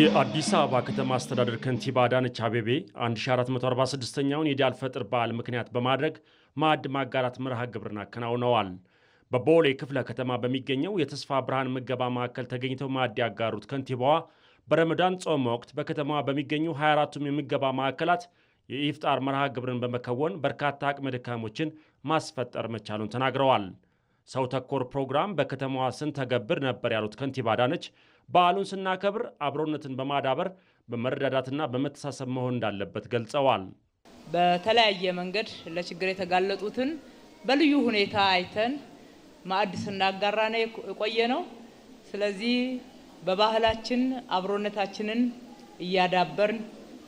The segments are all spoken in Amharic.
የአዲስ አበባ ከተማ አስተዳደር ከንቲባ አዳነች አቤቤ 1446ኛውን የኢድ ፈጥር በዓል ምክንያት በማድረግ ማዕድ ማጋራት መርሃ ግብርን አከናውነዋል። በቦሌ ክፍለ ከተማ በሚገኘው የተስፋ ብርሃን ምገባ ማዕከል ተገኝተው ማዕድ ያጋሩት ከንቲባዋ በረመዳን ጾም ወቅት በከተማዋ በሚገኙ 24ቱም የምገባ ማዕከላት የኢፍጣር መርሃ ግብርን በመከወን በርካታ አቅመ ደካሞችን ማስፈጠር መቻሉን ተናግረዋል። ሰው ተኮር ፕሮግራም በከተማዋ ስንተገብር ነበር ያሉት ከንቲባ አዳነች በዓሉን ስናከብር አብሮነትን በማዳበር በመረዳዳትና በመተሳሰብ መሆን እንዳለበት ገልጸዋል። በተለያየ መንገድ ለችግር የተጋለጡትን በልዩ ሁኔታ አይተን ማዕድ ስናጋራ ነው የቆየ ነው። ስለዚህ በባህላችን አብሮነታችንን እያዳበርን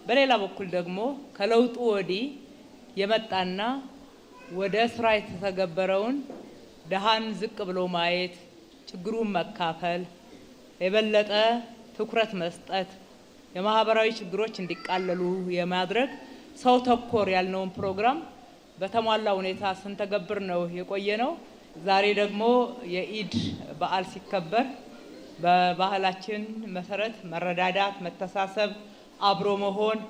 በሌላ በኩል ደግሞ ከለውጡ ወዲህ የመጣና ወደ ስራ የተተገበረውን ድሃን ዝቅ ብሎ ማየት፣ ችግሩን መካፈል፣ የበለጠ ትኩረት መስጠት፣ የማህበራዊ ችግሮች እንዲቃለሉ የማድረግ ሰው ተኮር ያልነውን ፕሮግራም በተሟላ ሁኔታ ስንተገብር ነው የቆየ ነው። ዛሬ ደግሞ የኢድ በዓል ሲከበር በባህላችን መሰረት መረዳዳት፣ መተሳሰብ፣ አብሮ መሆን፣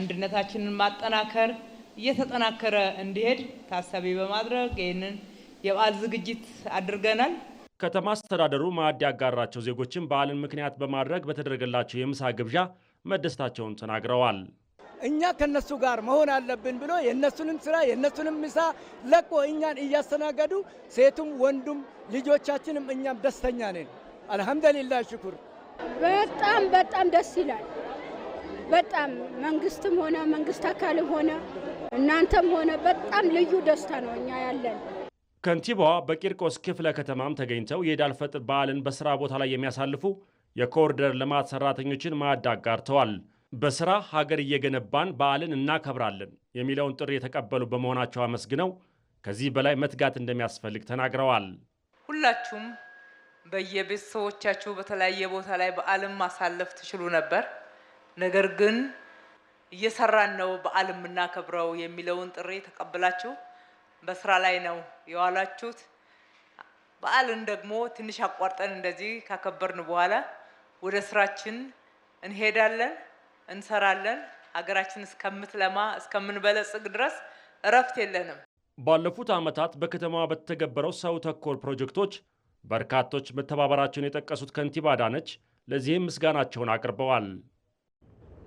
አንድነታችንን ማጠናከር እየተጠናከረ እንዲሄድ ታሳቢ በማድረግ ይህንን የበዓል ዝግጅት አድርገናል። ከተማ አስተዳደሩ ማዕድ ያጋራቸው ዜጎችን በዓልን ምክንያት በማድረግ በተደረገላቸው የምሳ ግብዣ መደሰታቸውን ተናግረዋል። እኛ ከነሱ ጋር መሆን አለብን ብሎ የእነሱንም ስራ የእነሱንም ምሳ ለቆ እኛን እያስተናገዱ ሴቱም ወንዱም ልጆቻችንም እኛም ደስተኛ ነን። አልሐምዱሊላህ ሽኩር። በጣም በጣም ደስ ይላል። በጣም መንግስትም ሆነ መንግስት አካልም ሆነ እናንተም ሆነ በጣም ልዩ ደስታ ነው እኛ ያለን። ከንቲባዋ በቂርቆስ ክፍለ ከተማም ተገኝተው የኢድ አልፈጥር በዓልን በስራ ቦታ ላይ የሚያሳልፉ የኮሪደር ልማት ሰራተኞችን ማዕድ አጋርተዋል። በስራ ሀገር እየገነባን በዓልን እናከብራለን የሚለውን ጥሪ የተቀበሉ በመሆናቸው አመስግነው ከዚህ በላይ መትጋት እንደሚያስፈልግ ተናግረዋል። ሁላችሁም በየቤተሰቦቻችሁ በተለያየ ቦታ ላይ በዓልን ማሳለፍ ትችሉ ነበር። ነገር ግን እየሰራን ነው በዓል የምናከብረው የሚለውን ጥሪ ተቀብላችሁ በስራ ላይ ነው የዋላችሁት። በዓልን ደግሞ ትንሽ አቋርጠን እንደዚህ ካከበርን በኋላ ወደ ስራችን እንሄዳለን፣ እንሰራለን። ሀገራችን እስከምትለማ እስከምንበለጽግ ድረስ እረፍት የለንም። ባለፉት ዓመታት በከተማዋ በተገበረው ሰው ተኮር ፕሮጀክቶች በርካቶች መተባበራቸውን የጠቀሱት ከንቲባ አዳነች ለዚህም ምስጋናቸውን አቅርበዋል።